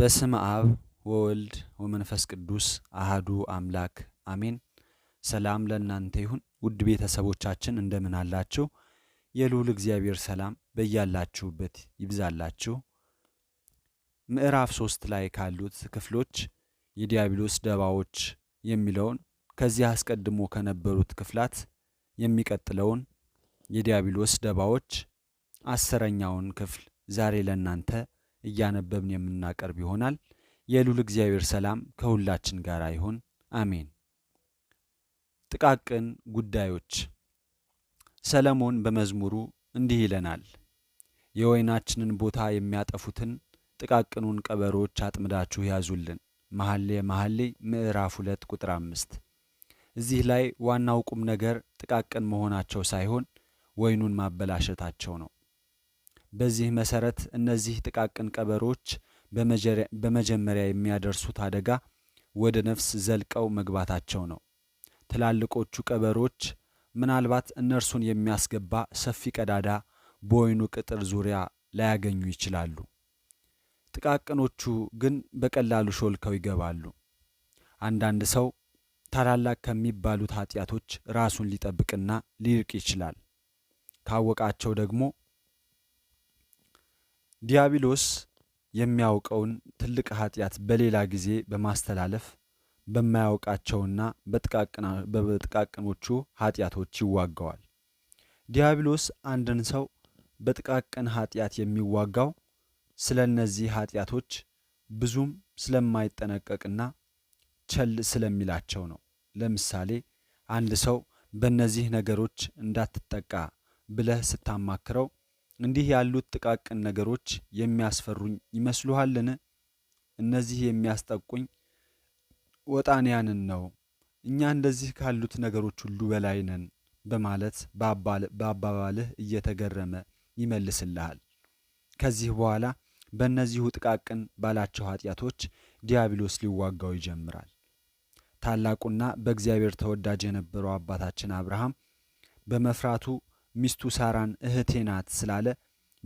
በስም አብ ወወልድ ወመንፈስ ቅዱስ አህዱ አምላክ አሜን። ሰላም ለእናንተ ይሁን ውድ ቤተሰቦቻችን እንደምን አላችሁ? የልዑል እግዚአብሔር ሰላም በያላችሁበት ይብዛላችሁ። ምዕራፍ ሶስት ላይ ካሉት ክፍሎች የዲያብሎስ ደባዎች የሚለውን ከዚህ አስቀድሞ ከነበሩት ክፍላት የሚቀጥለውን የዲያብሎስ ደባዎች አስረኛውን ክፍል ዛሬ ለእናንተ እያነበብን የምናቀርብ ይሆናል። የሉል እግዚአብሔር ሰላም ከሁላችን ጋር ይሁን፣ አሜን። ጥቃቅን ጉዳዮች ሰለሞን በመዝሙሩ እንዲህ ይለናል። የወይናችንን ቦታ የሚያጠፉትን ጥቃቅኑን ቀበሮዎች አጥምዳችሁ ያዙልን። መሐሌ መሐሌ ምዕራፍ ሁለት ቁጥር አምስት እዚህ ላይ ዋናው ቁም ነገር ጥቃቅን መሆናቸው ሳይሆን ወይኑን ማበላሸታቸው ነው። በዚህ መሰረት እነዚህ ጥቃቅን ቀበሮች በመጀመሪያ የሚያደርሱት አደጋ ወደ ነፍስ ዘልቀው መግባታቸው ነው። ትላልቆቹ ቀበሮች ምናልባት እነርሱን የሚያስገባ ሰፊ ቀዳዳ በወይኑ ቅጥር ዙሪያ ላያገኙ ይችላሉ። ጥቃቅኖቹ ግን በቀላሉ ሾልከው ይገባሉ። አንዳንድ ሰው ታላላቅ ከሚባሉት ኃጢአቶች ራሱን ሊጠብቅና ሊርቅ ይችላል። ካወቃቸው ደግሞ ዲያብሎስ የሚያውቀውን ትልቅ ኃጢአት በሌላ ጊዜ በማስተላለፍ በማያውቃቸውና በጥቃቅኖቹ ኃጢአቶች ይዋጋዋል። ዲያብሎስ አንድን ሰው በጥቃቅን ኃጢአት የሚዋጋው ስለ እነዚህ ኃጢአቶች ብዙም ስለማይጠነቀቅና ቸል ስለሚላቸው ነው። ለምሳሌ አንድ ሰው በእነዚህ ነገሮች እንዳትጠቃ ብለህ ስታማክረው እንዲህ ያሉት ጥቃቅን ነገሮች የሚያስፈሩኝ ይመስሉሃልን? እነዚህ የሚያስጠቁኝ ወጣንያንን ነው። እኛ እንደዚህ ካሉት ነገሮች ሁሉ በላይ ነን በማለት በአባባልህ እየተገረመ ይመልስልሃል። ከዚህ በኋላ በእነዚሁ ጥቃቅን ባላቸው ኃጢአቶች ዲያብሎስ ሊዋጋው ይጀምራል። ታላቁና በእግዚአብሔር ተወዳጅ የነበረው አባታችን አብርሃም በመፍራቱ ሚስቱ ሳራን እህቴ ናት ስላለ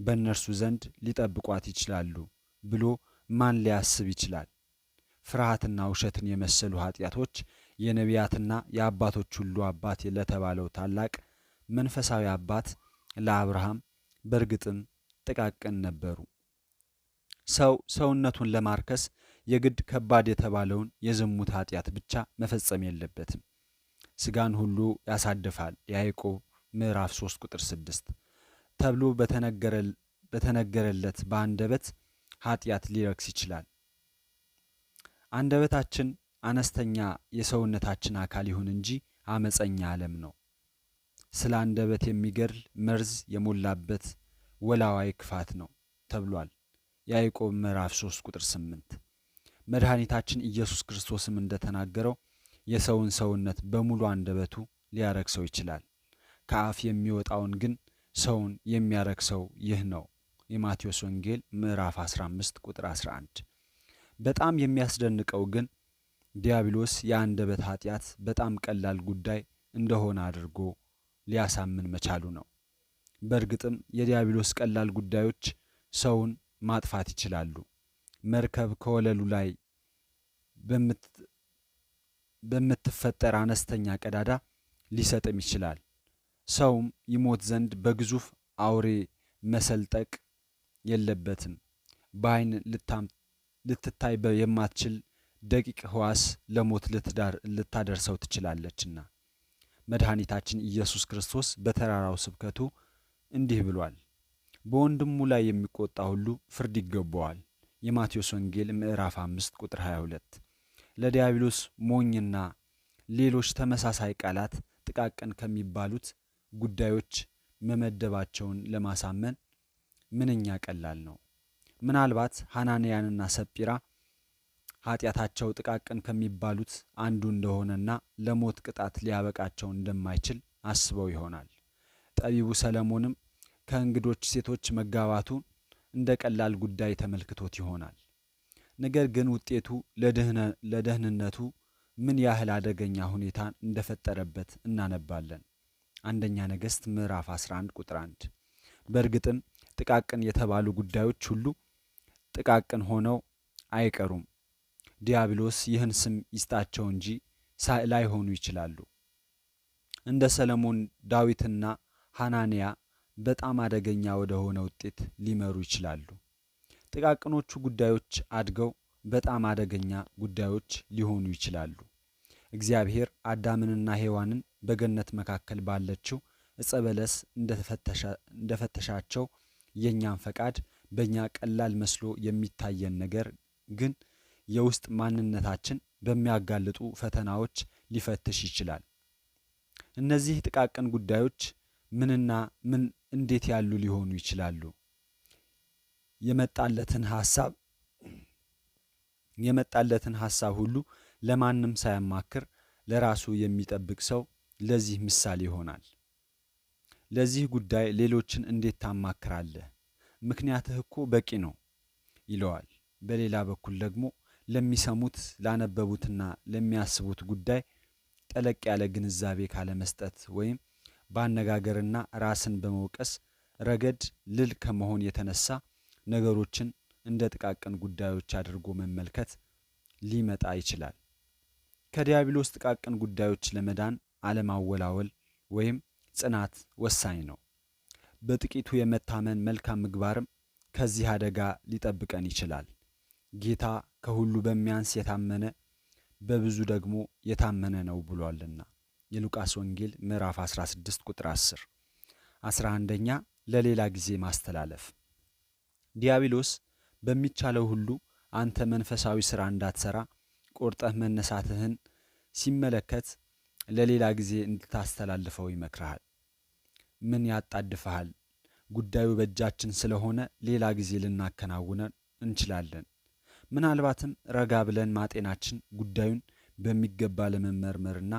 በእነርሱ ዘንድ ሊጠብቋት ይችላሉ ብሎ ማን ሊያስብ ይችላል? ፍርሃትና ውሸትን የመሰሉ ኃጢአቶች የነቢያትና የአባቶች ሁሉ አባት ለተባለው ታላቅ መንፈሳዊ አባት ለአብርሃም በእርግጥም ጥቃቅን ነበሩ። ሰው ሰውነቱን ለማርከስ የግድ ከባድ የተባለውን የዝሙት ኃጢአት ብቻ መፈጸም የለበትም። ስጋን ሁሉ ያሳድፋል። ያዕቆብ ምዕራፍ 3 ቁጥር 6 ተብሎ በተነገረለት በአንደበት ኃጢአት ሊረክስ ይችላል። አንደበታችን አነስተኛ የሰውነታችን አካል ይሁን እንጂ አመፀኛ ዓለም ነው። ስለ አንደበት የሚገድል መርዝ የሞላበት ወላዋይ ክፋት ነው ተብሏል። ያዕቆብ ምዕራፍ 3 ቁጥር 8 መድኃኒታችን ኢየሱስ ክርስቶስም እንደተናገረው የሰውን ሰውነት በሙሉ አንደበቱ ሊያረክሰው ይችላል። ከአፍ የሚወጣውን ግን ሰውን የሚያረክሰው ይህ ነው። የማቴዎስ ወንጌል ምዕራፍ 15 ቁጥር 11። በጣም የሚያስደንቀው ግን ዲያብሎስ የአንደበት ኃጢአት በጣም ቀላል ጉዳይ እንደሆነ አድርጎ ሊያሳምን መቻሉ ነው። በእርግጥም የዲያብሎስ ቀላል ጉዳዮች ሰውን ማጥፋት ይችላሉ። መርከብ ከወለሉ ላይ በምትፈጠር አነስተኛ ቀዳዳ ሊሰጥም ይችላል። ሰውም ይሞት ዘንድ በግዙፍ አውሬ መሰልጠቅ የለበትም። በአይን ልትታይ የማትችል ደቂቅ ህዋስ ለሞት ልታደርሰው ትችላለችና። መድኃኒታችን ኢየሱስ ክርስቶስ በተራራው ስብከቱ እንዲህ ብሏል፣ በወንድሙ ላይ የሚቆጣ ሁሉ ፍርድ ይገባዋል። የማቴዎስ ወንጌል ምዕራፍ 5 ቁጥር 22። ለዲያብሎስ ሞኝና ሌሎች ተመሳሳይ ቃላት ጥቃቅን ከሚባሉት ጉዳዮች መመደባቸውን ለማሳመን ምንኛ ቀላል ነው። ምናልባት ሐናንያንና ሰጲራ ኃጢአታቸው ጥቃቅን ከሚባሉት አንዱ እንደሆነና ለሞት ቅጣት ሊያበቃቸው እንደማይችል አስበው ይሆናል። ጠቢቡ ሰለሞንም ከእንግዶች ሴቶች መጋባቱን እንደ ቀላል ጉዳይ ተመልክቶት ይሆናል። ነገር ግን ውጤቱ ለደህንነቱ ምን ያህል አደገኛ ሁኔታ እንደፈጠረበት እናነባለን። አንደኛ ነገሥት ምዕራፍ 11 ቁጥር 1። በእርግጥም ጥቃቅን የተባሉ ጉዳዮች ሁሉ ጥቃቅን ሆነው አይቀሩም። ዲያብሎስ ይህን ስም ይስጣቸው እንጂ ላይሆኑ ይችላሉ። እንደ ሰለሞን፣ ዳዊትና ሐናንያ በጣም አደገኛ ወደ ሆነ ውጤት ሊመሩ ይችላሉ። ጥቃቅኖቹ ጉዳዮች አድገው በጣም አደገኛ ጉዳዮች ሊሆኑ ይችላሉ። እግዚአብሔር አዳምንና ሔዋንን በገነት መካከል ባለችው እጸበለስ በለስ እንደፈተሻቸው የእኛን ፈቃድ በእኛ ቀላል መስሎ የሚታየን ነገር ግን የውስጥ ማንነታችን በሚያጋልጡ ፈተናዎች ሊፈትሽ ይችላል። እነዚህ ጥቃቅን ጉዳዮች ምንና ምን እንዴት ያሉ ሊሆኑ ይችላሉ? የመጣለትን ሐሳብ የመጣለትን ሐሳብ ሁሉ ለማንም ሳያማክር ለራሱ የሚጠብቅ ሰው ለዚህ ምሳሌ ይሆናል። ለዚህ ጉዳይ ሌሎችን እንዴት ታማክራለህ? ምክንያትህ እኮ በቂ ነው ይለዋል። በሌላ በኩል ደግሞ ለሚሰሙት ላነበቡትና ለሚያስቡት ጉዳይ ጠለቅ ያለ ግንዛቤ ካለመስጠት ወይም በአነጋገርና ራስን በመውቀስ ረገድ ልል ከመሆን የተነሳ ነገሮችን እንደ ጥቃቅን ጉዳዮች አድርጎ መመልከት ሊመጣ ይችላል። ከዲያብሎስ ጥቃቅን ጉዳዮች ለመዳን አለማወላወል ወይም ጽናት ወሳኝ ነው። በጥቂቱ የመታመን መልካም ምግባርም ከዚህ አደጋ ሊጠብቀን ይችላል። ጌታ ከሁሉ በሚያንስ የታመነ በብዙ ደግሞ የታመነ ነው ብሏልና የሉቃስ ወንጌል ምዕራፍ 16 ቁጥር 10። 11ኛ ለሌላ ጊዜ ማስተላለፍ ዲያብሎስ በሚቻለው ሁሉ አንተ መንፈሳዊ ሥራ እንዳትሠራ ቆርጠህ መነሳትህን ሲመለከት ለሌላ ጊዜ እንድታስተላልፈው ይመክርሃል። ምን ያጣድፈሃል? ጉዳዩ በእጃችን ስለሆነ ሌላ ጊዜ ልናከናውነን እንችላለን። ምናልባትም ረጋ ብለን ማጤናችን ጉዳዩን በሚገባ ለመመርመርና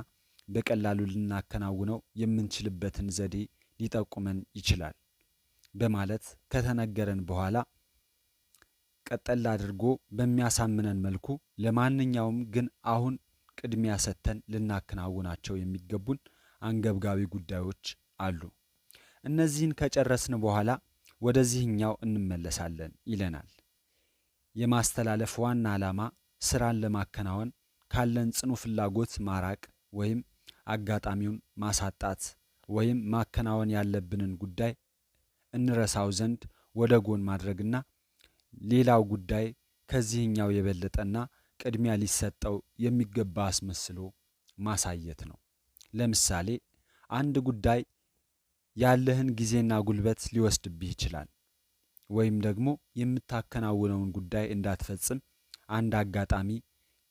በቀላሉ ልናከናውነው የምንችልበትን ዘዴ ሊጠቁመን ይችላል በማለት ከተነገረን በኋላ ቀጠል አድርጎ በሚያሳምነን መልኩ ለማንኛውም ግን አሁን ቅድሚያ ሰጥተን ልናከናውናቸው የሚገቡን አንገብጋቢ ጉዳዮች አሉ። እነዚህን ከጨረስን በኋላ ወደዚህኛው እንመለሳለን ይለናል። የማስተላለፍ ዋና ዓላማ ስራን ለማከናወን ካለን ጽኑ ፍላጎት ማራቅ ወይም አጋጣሚውን ማሳጣት ወይም ማከናወን ያለብንን ጉዳይ እንረሳው ዘንድ ወደ ጎን ማድረግና ሌላው ጉዳይ ከዚህኛው የበለጠና ቅድሚያ ሊሰጠው የሚገባ አስመስሎ ማሳየት ነው። ለምሳሌ አንድ ጉዳይ ያለህን ጊዜና ጉልበት ሊወስድብህ ይችላል። ወይም ደግሞ የምታከናውነውን ጉዳይ እንዳትፈጽም አንድ አጋጣሚ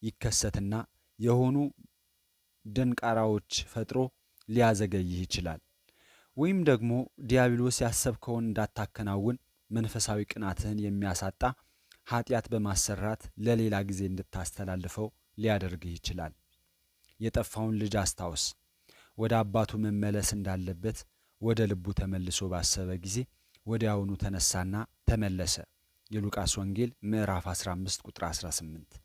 ይከሰትና የሆኑ ደንቃራዎች ፈጥሮ ሊያዘገይህ ይችላል። ወይም ደግሞ ዲያብሎስ ያሰብከውን እንዳታከናውን መንፈሳዊ ቅናትህን የሚያሳጣ ኃጢአት በማሰራት ለሌላ ጊዜ እንድታስተላልፈው ሊያደርግህ ይችላል። የጠፋውን ልጅ አስታውስ። ወደ አባቱ መመለስ እንዳለበት ወደ ልቡ ተመልሶ ባሰበ ጊዜ ወዲያውኑ ተነሳና ተመለሰ። የሉቃስ ወንጌል ምዕራፍ 15 ቁጥር 18።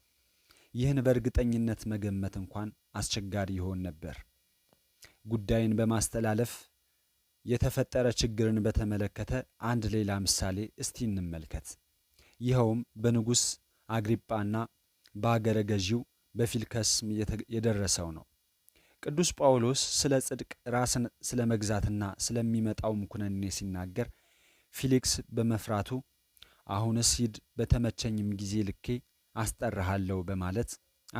ይህን በእርግጠኝነት መገመት እንኳን አስቸጋሪ ይሆን ነበር። ጉዳይን በማስተላለፍ የተፈጠረ ችግርን በተመለከተ አንድ ሌላ ምሳሌ እስቲ እንመልከት። ይኸውም በንጉሥ አግሪጳና በአገረ ገዢው በፊልከስም የደረሰው ነው። ቅዱስ ጳውሎስ ስለ ጽድቅ ራስን ስለ መግዛትና ስለሚመጣውም ኩነኔ ሲናገር ፊሊክስ በመፍራቱ አሁንስ ሂድ በተመቸኝም ጊዜ ልኬ አስጠራሃለሁ በማለት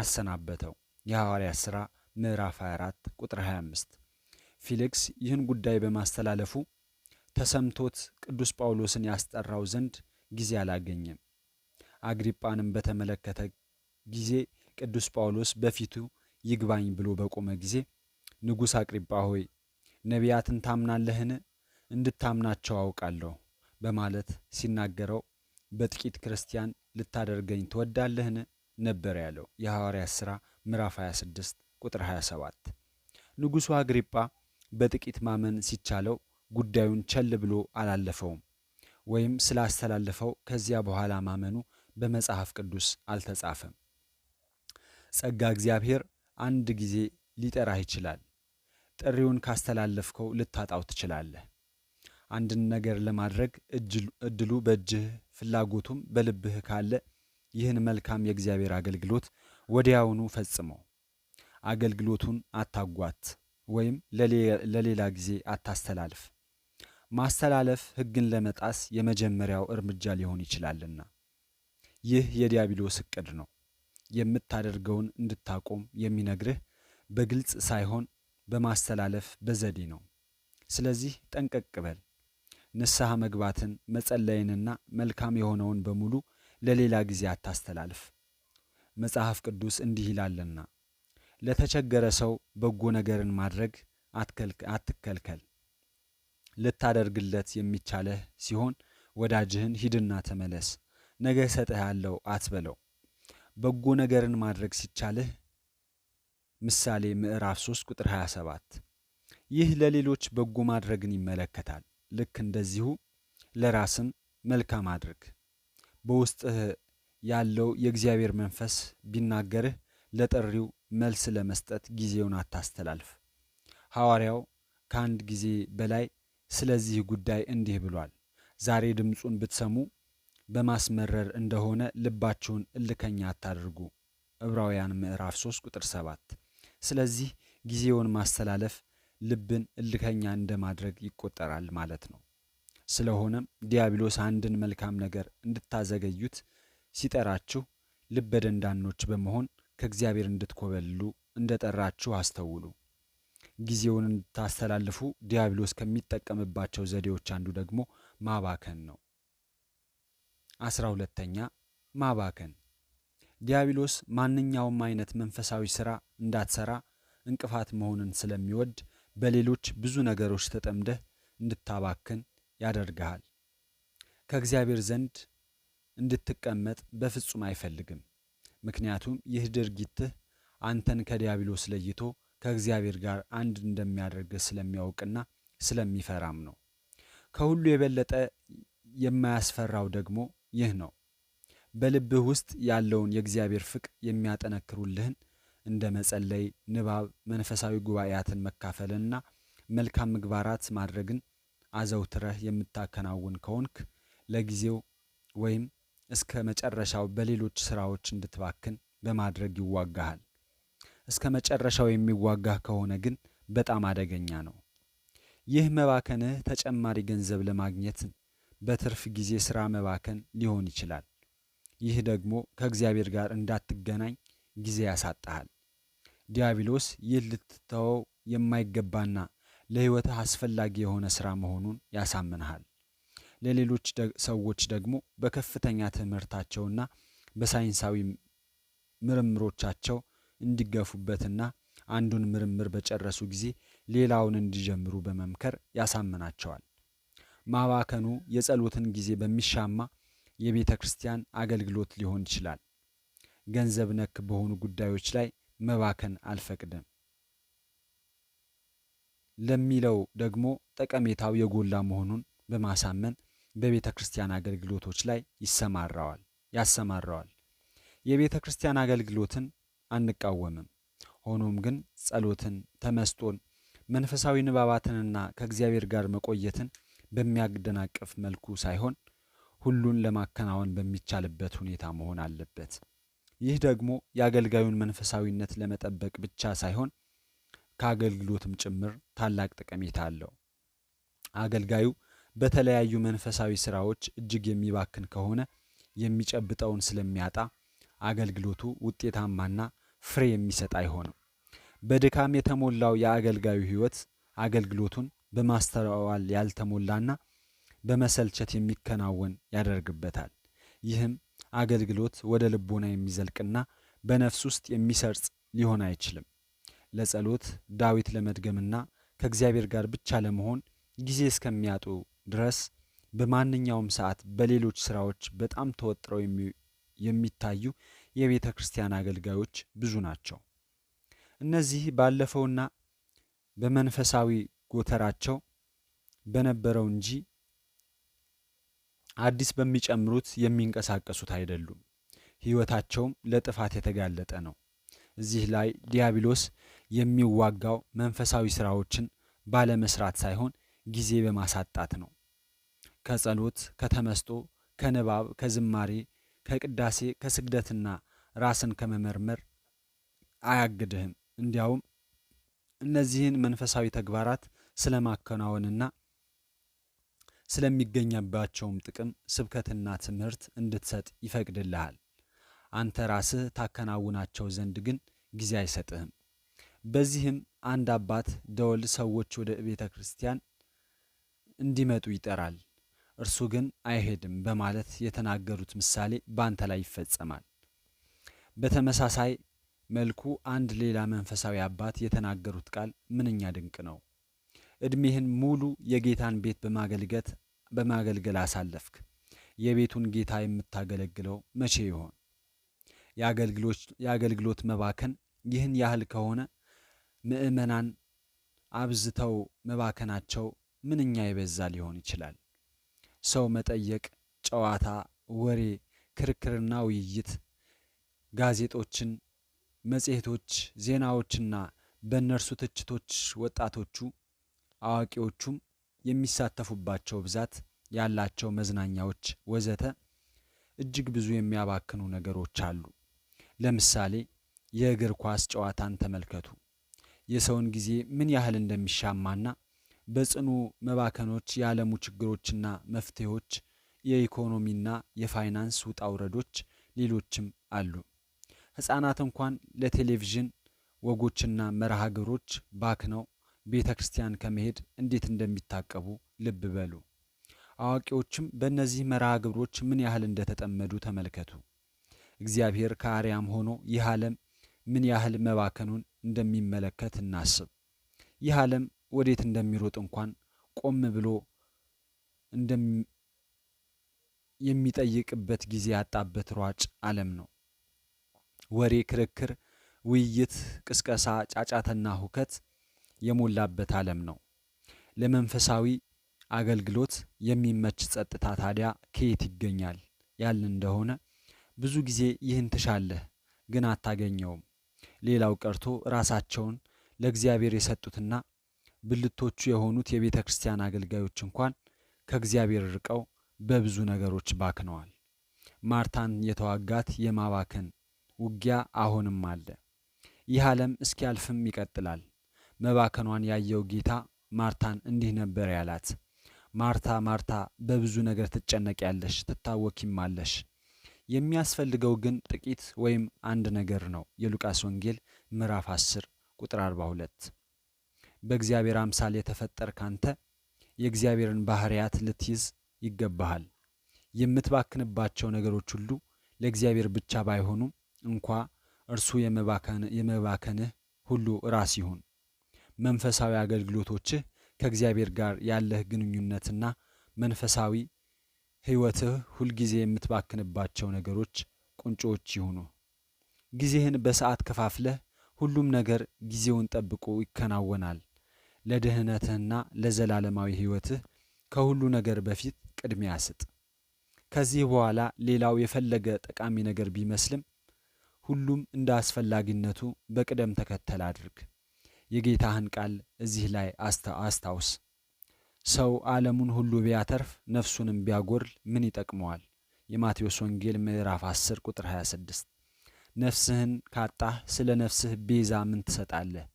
አሰናበተው። የሐዋርያት ሥራ ምዕራፍ 24 ቁጥር 25። ፊሊክስ ይህን ጉዳይ በማስተላለፉ ተሰምቶት ቅዱስ ጳውሎስን ያስጠራው ዘንድ ጊዜ አላገኘም። አግሪጳንም በተመለከተ ጊዜ ቅዱስ ጳውሎስ በፊቱ ይግባኝ ብሎ በቆመ ጊዜ ንጉሥ አቅሪጳ ሆይ ነቢያትን ታምናለህን? እንድታምናቸው አውቃለሁ በማለት ሲናገረው በጥቂት ክርስቲያን ልታደርገኝ ትወዳለህን? ነበር ያለው። የሐዋርያት ሥራ ምዕራፍ 26 ቁጥር 27። ንጉሡ አግሪጳ በጥቂት ማመን ሲቻለው ጉዳዩን ቸል ብሎ አላለፈውም። ወይም ስላስተላለፈው ከዚያ በኋላ ማመኑ በመጽሐፍ ቅዱስ አልተጻፈም። ጸጋ እግዚአብሔር አንድ ጊዜ ሊጠራህ ይችላል። ጥሪውን ካስተላለፍከው ልታጣው ትችላለህ። አንድን ነገር ለማድረግ እድሉ በእጅህ ፍላጎቱም በልብህ ካለ ይህን መልካም የእግዚአብሔር አገልግሎት ወዲያውኑ ፈጽመው። አገልግሎቱን አታጓት ወይም ለሌላ ጊዜ አታስተላልፍ። ማስተላለፍ ሕግን ለመጣስ የመጀመሪያው እርምጃ ሊሆን ይችላልና። ይህ የዲያብሎስ እቅድ ነው። የምታደርገውን እንድታቆም የሚነግርህ በግልጽ ሳይሆን በማስተላለፍ በዘዴ ነው። ስለዚህ ጠንቀቅ በል። ንስሐ መግባትን መጸለይንና መልካም የሆነውን በሙሉ ለሌላ ጊዜ አታስተላልፍ። መጽሐፍ ቅዱስ እንዲህ ይላልና ለተቸገረ ሰው በጎ ነገርን ማድረግ አትከልከል። ልታደርግለት የሚቻለህ ሲሆን ወዳጅህን ሂድና ተመለስ፣ ነገ እሰጥሃለሁ አትበለው። በጎ ነገርን ማድረግ ሲቻልህ ምሳሌ ምዕራፍ 3 ቁጥር 27። ይህ ለሌሎች በጎ ማድረግን ይመለከታል። ልክ እንደዚሁ ለራስም መልካም አድርግ። በውስጥህ ያለው የእግዚአብሔር መንፈስ ቢናገርህ ለጥሪው መልስ ለመስጠት ጊዜውን አታስተላልፍ። ሐዋርያው ከአንድ ጊዜ በላይ ስለዚህ ጉዳይ እንዲህ ብሏል። ዛሬ ድምፁን ብትሰሙ በማስመረር እንደሆነ ልባችሁን እልከኛ አታድርጉ። ዕብራውያን ምዕራፍ 3 ቁጥር 7። ስለዚህ ጊዜውን ማስተላለፍ ልብን እልከኛ እንደማድረግ ይቆጠራል ማለት ነው። ስለሆነም ዲያብሎስ አንድን መልካም ነገር እንድታዘገዩት ሲጠራችሁ ልበ ደንዳኖች በመሆን ከእግዚአብሔር እንድትኮበልሉ እንደጠራችሁ አስተውሉ። ጊዜውን እንድታስተላልፉ ዲያብሎስ ከሚጠቀምባቸው ዘዴዎች አንዱ ደግሞ ማባከን ነው። አስራ ሁለተኛ ማባከን። ዲያብሎስ ማንኛውም አይነት መንፈሳዊ ስራ እንዳትሰራ እንቅፋት መሆንን ስለሚወድ በሌሎች ብዙ ነገሮች ተጠምደህ እንድታባክን ያደርግሃል። ከእግዚአብሔር ዘንድ እንድትቀመጥ በፍጹም አይፈልግም። ምክንያቱም ይህ ድርጊትህ አንተን ከዲያብሎስ ለይቶ ከእግዚአብሔር ጋር አንድ እንደሚያደርግ ስለሚያውቅና ስለሚፈራም ነው። ከሁሉ የበለጠ የማያስፈራው ደግሞ ይህ ነው። በልብህ ውስጥ ያለውን የእግዚአብሔር ፍቅር የሚያጠነክሩልህን እንደ መጸለይ፣ ንባብ፣ መንፈሳዊ ጉባኤያትን መካፈልንና መልካም ምግባራት ማድረግን አዘውትረህ የምታከናውን ከሆንክ ለጊዜው ወይም እስከ መጨረሻው በሌሎች ስራዎች እንድትባክን በማድረግ ይዋጋሃል። እስከ መጨረሻው የሚዋጋ ከሆነ ግን በጣም አደገኛ ነው። ይህ መባከንህ ተጨማሪ ገንዘብ ለማግኘት በትርፍ ጊዜ ሥራ መባከን ሊሆን ይችላል። ይህ ደግሞ ከእግዚአብሔር ጋር እንዳትገናኝ ጊዜ ያሳጣሃል። ዲያብሎስ ይህ ልትተወው የማይገባና ለሕይወትህ አስፈላጊ የሆነ ሥራ መሆኑን ያሳምንሃል። ለሌሎች ሰዎች ደግሞ በከፍተኛ ትምህርታቸውና በሳይንሳዊ ምርምሮቻቸው እንዲገፉበትና አንዱን ምርምር በጨረሱ ጊዜ ሌላውን እንዲጀምሩ በመምከር ያሳምናቸዋል። ማባከኑ የጸሎትን ጊዜ በሚሻማ የቤተ ክርስቲያን አገልግሎት ሊሆን ይችላል። ገንዘብ ነክ በሆኑ ጉዳዮች ላይ መባከን አልፈቅድም ለሚለው ደግሞ ጠቀሜታው የጎላ መሆኑን በማሳመን በቤተ ክርስቲያን አገልግሎቶች ላይ ይሰማራዋል ያሰማራዋል። የቤተ ክርስቲያን አገልግሎትን አንቃወምም። ሆኖም ግን ጸሎትን፣ ተመስጦን፣ መንፈሳዊ ንባባትንና ከእግዚአብሔር ጋር መቆየትን በሚያደናቅፍ መልኩ ሳይሆን ሁሉን ለማከናወን በሚቻልበት ሁኔታ መሆን አለበት። ይህ ደግሞ የአገልጋዩን መንፈሳዊነት ለመጠበቅ ብቻ ሳይሆን ከአገልግሎትም ጭምር ታላቅ ጠቀሜታ አለው። አገልጋዩ በተለያዩ መንፈሳዊ ስራዎች እጅግ የሚባክን ከሆነ የሚጨብጠውን ስለሚያጣ አገልግሎቱ ውጤታማና ፍሬ የሚሰጥ አይሆንም። በድካም የተሞላው የአገልጋዩ ሕይወት አገልግሎቱን በማስተዋል ያልተሞላና በመሰልቸት የሚከናወን ያደርግበታል። ይህም አገልግሎት ወደ ልቦና የሚዘልቅና በነፍስ ውስጥ የሚሰርጽ ሊሆን አይችልም። ለጸሎት ዳዊት ለመድገምና ከእግዚአብሔር ጋር ብቻ ለመሆን ጊዜ እስከሚያጡ ድረስ በማንኛውም ሰዓት በሌሎች ስራዎች በጣም ተወጥረው የሚታዩ የቤተ ክርስቲያን አገልጋዮች ብዙ ናቸው። እነዚህ ባለፈውና በመንፈሳዊ ጎተራቸው በነበረው እንጂ አዲስ በሚጨምሩት የሚንቀሳቀሱት አይደሉም። ሕይወታቸውም ለጥፋት የተጋለጠ ነው። እዚህ ላይ ዲያብሎስ የሚዋጋው መንፈሳዊ ስራዎችን ባለመስራት ሳይሆን ጊዜ በማሳጣት ነው። ከጸሎት፣ ከተመስጦ፣ ከንባብ፣ ከዝማሬ ከቅዳሴ ከስግደትና ራስን ከመመርመር አያግድህም። እንዲያውም እነዚህን መንፈሳዊ ተግባራት ስለማከናወንና ስለሚገኝባቸውም ጥቅም ስብከትና ትምህርት እንድትሰጥ ይፈቅድልሃል። አንተ ራስህ ታከናውናቸው ዘንድ ግን ጊዜ አይሰጥህም። በዚህም አንድ አባት ደወል ሰዎች ወደ ቤተ ክርስቲያን እንዲመጡ ይጠራል። እርሱ ግን አይሄድም በማለት የተናገሩት ምሳሌ በአንተ ላይ ይፈጸማል። በተመሳሳይ መልኩ አንድ ሌላ መንፈሳዊ አባት የተናገሩት ቃል ምንኛ ድንቅ ነው! ዕድሜህን ሙሉ የጌታን ቤት በማገልገት በማገልገል አሳለፍክ። የቤቱን ጌታ የምታገለግለው መቼ ይሆን? የአገልግሎት መባከን ይህን ያህል ከሆነ ምእመናን አብዝተው መባከናቸው ምንኛ የበዛ ሊሆን ይችላል። ሰው መጠየቅ፣ ጨዋታ፣ ወሬ፣ ክርክርና ውይይት፣ ጋዜጦችን፣ መጽሔቶች፣ ዜናዎችና በእነርሱ ትችቶች ወጣቶቹ አዋቂዎቹም የሚሳተፉባቸው ብዛት ያላቸው መዝናኛዎች ወዘተ እጅግ ብዙ የሚያባክኑ ነገሮች አሉ። ለምሳሌ የእግር ኳስ ጨዋታን ተመልከቱ። የሰውን ጊዜ ምን ያህል እንደሚሻማና በጽኑ መባከኖች የዓለሙ ችግሮችና መፍትሄዎች፣ የኢኮኖሚና የፋይናንስ ውጣ ውረዶች፣ ሌሎችም አሉ። ሕፃናት እንኳን ለቴሌቪዥን ወጎችና መርሃ ግብሮች ባክነው ቤተ ክርስቲያን ከመሄድ እንዴት እንደሚታቀቡ ልብ በሉ። አዋቂዎችም በእነዚህ መርሃ ግብሮች ምን ያህል እንደተጠመዱ ተመልከቱ። እግዚአብሔር ከአርያም ሆኖ ይህ ዓለም ምን ያህል መባከኑን እንደሚመለከት እናስብ። ይህ ዓለም ወዴት እንደሚሮጥ እንኳን ቆም ብሎ የሚጠይቅበት ጊዜ ያጣበት ሯጭ ዓለም ነው። ወሬ፣ ክርክር፣ ውይይት፣ ቅስቀሳ፣ ጫጫትና ሁከት የሞላበት ዓለም ነው። ለመንፈሳዊ አገልግሎት የሚመች ጸጥታ ታዲያ ከየት ይገኛል? ያልን እንደሆነ ብዙ ጊዜ ይህን ትሻለህ፣ ግን አታገኘውም። ሌላው ቀርቶ ራሳቸውን ለእግዚአብሔር የሰጡትና ብልቶቹ የሆኑት የቤተ ክርስቲያን አገልጋዮች እንኳን ከእግዚአብሔር ርቀው በብዙ ነገሮች ባክነዋል። ማርታን የተዋጋት የማባከን ውጊያ አሁንም አለ። ይህ ዓለም እስኪያልፍም ይቀጥላል። መባከኗን ያየው ጌታ ማርታን እንዲህ ነበር ያላት፣ ማርታ ማርታ በብዙ ነገር ትጨነቂያለሽ፣ ትታወኪማለሽ። የሚያስፈልገው ግን ጥቂት ወይም አንድ ነገር ነው። የሉቃስ ወንጌል ምዕራፍ 10 ቁጥር 42 በእግዚአብሔር አምሳል የተፈጠርክ አንተ የእግዚአብሔርን ባህሪያት ልትይዝ ይገባሃል። የምትባክንባቸው ነገሮች ሁሉ ለእግዚአብሔር ብቻ ባይሆኑም እንኳ እርሱ የመባከንህ ሁሉ ራስ ይሁን። መንፈሳዊ አገልግሎቶችህ ከእግዚአብሔር ጋር ያለህ ግንኙነትና መንፈሳዊ ሕይወትህ ሁልጊዜ የምትባክንባቸው ነገሮች ቁንጮዎች ይሁኑ። ጊዜህን በሰዓት ከፋፍለህ ሁሉም ነገር ጊዜውን ጠብቆ ይከናወናል። ለድህነትህና ለዘላለማዊ ሕይወትህ ከሁሉ ነገር በፊት ቅድሚያ ስጥ። ከዚህ በኋላ ሌላው የፈለገ ጠቃሚ ነገር ቢመስልም ሁሉም እንደ አስፈላጊነቱ በቅደም ተከተል አድርግ። የጌታህን ቃል እዚህ ላይ አስታውስ። ሰው ዓለሙን ሁሉ ቢያተርፍ ነፍሱንም ቢያጎርል ምን ይጠቅመዋል? የማቴዎስ ወንጌል ምዕራፍ 10 ቁጥር 26። ነፍስህን ካጣህ ስለ ነፍስህ ቤዛ ምን ትሰጣለህ?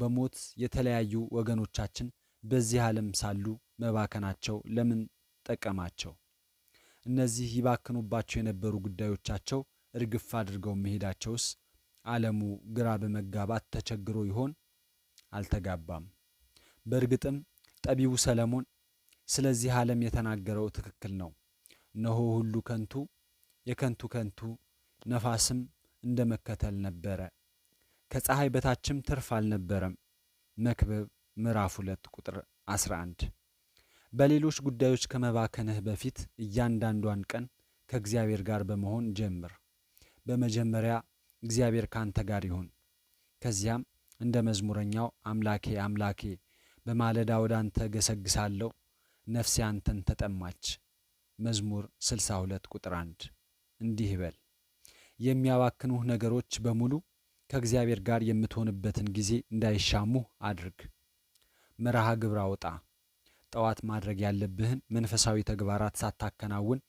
በሞት የተለያዩ ወገኖቻችን በዚህ ዓለም ሳሉ መባከናቸው ለምን ጠቀማቸው? እነዚህ ይባክኑባቸው የነበሩ ጉዳዮቻቸው እርግፍ አድርገው መሄዳቸውስ ዓለሙ ግራ በመጋባት ተቸግሮ ይሆን? አልተጋባም። በእርግጥም ጠቢቡ ሰለሞን ስለዚህ ዓለም የተናገረው ትክክል ነው። እነሆ ሁሉ ከንቱ፣ የከንቱ ከንቱ ነፋስም እንደ መከተል ነበረ ከፀሐይ በታችም ትርፍ አልነበረም። መክብብ ምዕራፍ 2 ቁጥር 11። በሌሎች ጉዳዮች ከመባከንህ በፊት እያንዳንዷን ቀን ከእግዚአብሔር ጋር በመሆን ጀምር። በመጀመሪያ እግዚአብሔር ካንተ ጋር ይሁን። ከዚያም እንደ መዝሙረኛው አምላኬ አምላኬ በማለዳ ወደ አንተ ገሰግሳለሁ፣ ነፍሴ አንተን ተጠማች። መዝሙር 62 ቁጥር 1። እንዲህ ይበል የሚያባክኑህ ነገሮች በሙሉ ከእግዚአብሔር ጋር የምትሆንበትን ጊዜ እንዳይሻሙ አድርግ። መርሃ ግብር አውጣ። ጠዋት ማድረግ ያለብህን መንፈሳዊ ተግባራት ሳታከናውን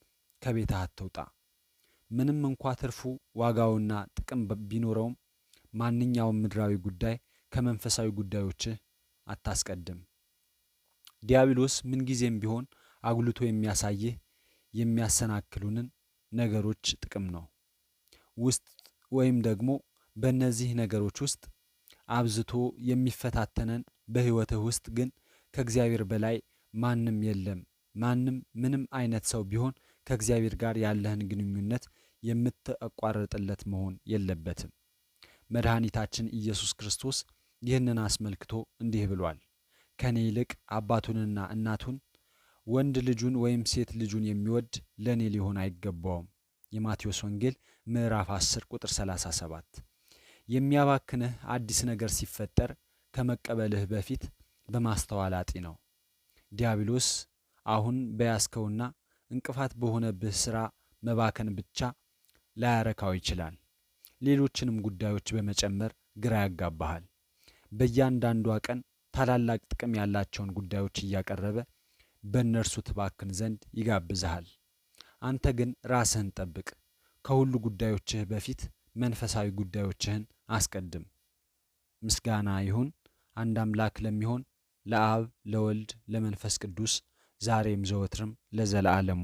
ከቤትህ አትውጣ። ምንም እንኳ ትርፉ ዋጋውና ጥቅም ቢኖረውም ማንኛውም ምድራዊ ጉዳይ ከመንፈሳዊ ጉዳዮችህ አታስቀድም። ዲያብሎስ ምንጊዜም ቢሆን አጉልቶ የሚያሳይህ የሚያሰናክሉንን ነገሮች ጥቅም ነው ውስጥ ወይም ደግሞ በእነዚህ ነገሮች ውስጥ አብዝቶ የሚፈታተነን በሕይወትህ ውስጥ ግን ከእግዚአብሔር በላይ ማንም የለም። ማንም ምንም አይነት ሰው ቢሆን ከእግዚአብሔር ጋር ያለህን ግንኙነት የምትቋረጥለት መሆን የለበትም። መድኃኒታችን ኢየሱስ ክርስቶስ ይህንን አስመልክቶ እንዲህ ብሏል። ከእኔ ይልቅ አባቱንና እናቱን ወንድ ልጁን ወይም ሴት ልጁን የሚወድ ለእኔ ሊሆን አይገባውም። የማቴዎስ ወንጌል ምዕራፍ 10 ቁጥር 37 የሚያባክንህ አዲስ ነገር ሲፈጠር ከመቀበልህ በፊት በማስተዋል አጢ ነው። ዲያብሎስ አሁን በያዝከውና እንቅፋት በሆነብህ ሥራ መባከን ብቻ ላያረካው ይችላል። ሌሎችንም ጉዳዮች በመጨመር ግራ ያጋባሃል። በእያንዳንዷ ቀን ታላላቅ ጥቅም ያላቸውን ጉዳዮች እያቀረበ በእነርሱ ትባክን ዘንድ ይጋብዝሃል። አንተ ግን ራስህን ጠብቅ። ከሁሉ ጉዳዮችህ በፊት መንፈሳዊ ጉዳዮችህን አስቀድም። ምስጋና ይሁን አንድ አምላክ ለሚሆን ለአብ ለወልድ ለመንፈስ ቅዱስ ዛሬም ዘወትርም ለዘላለሙ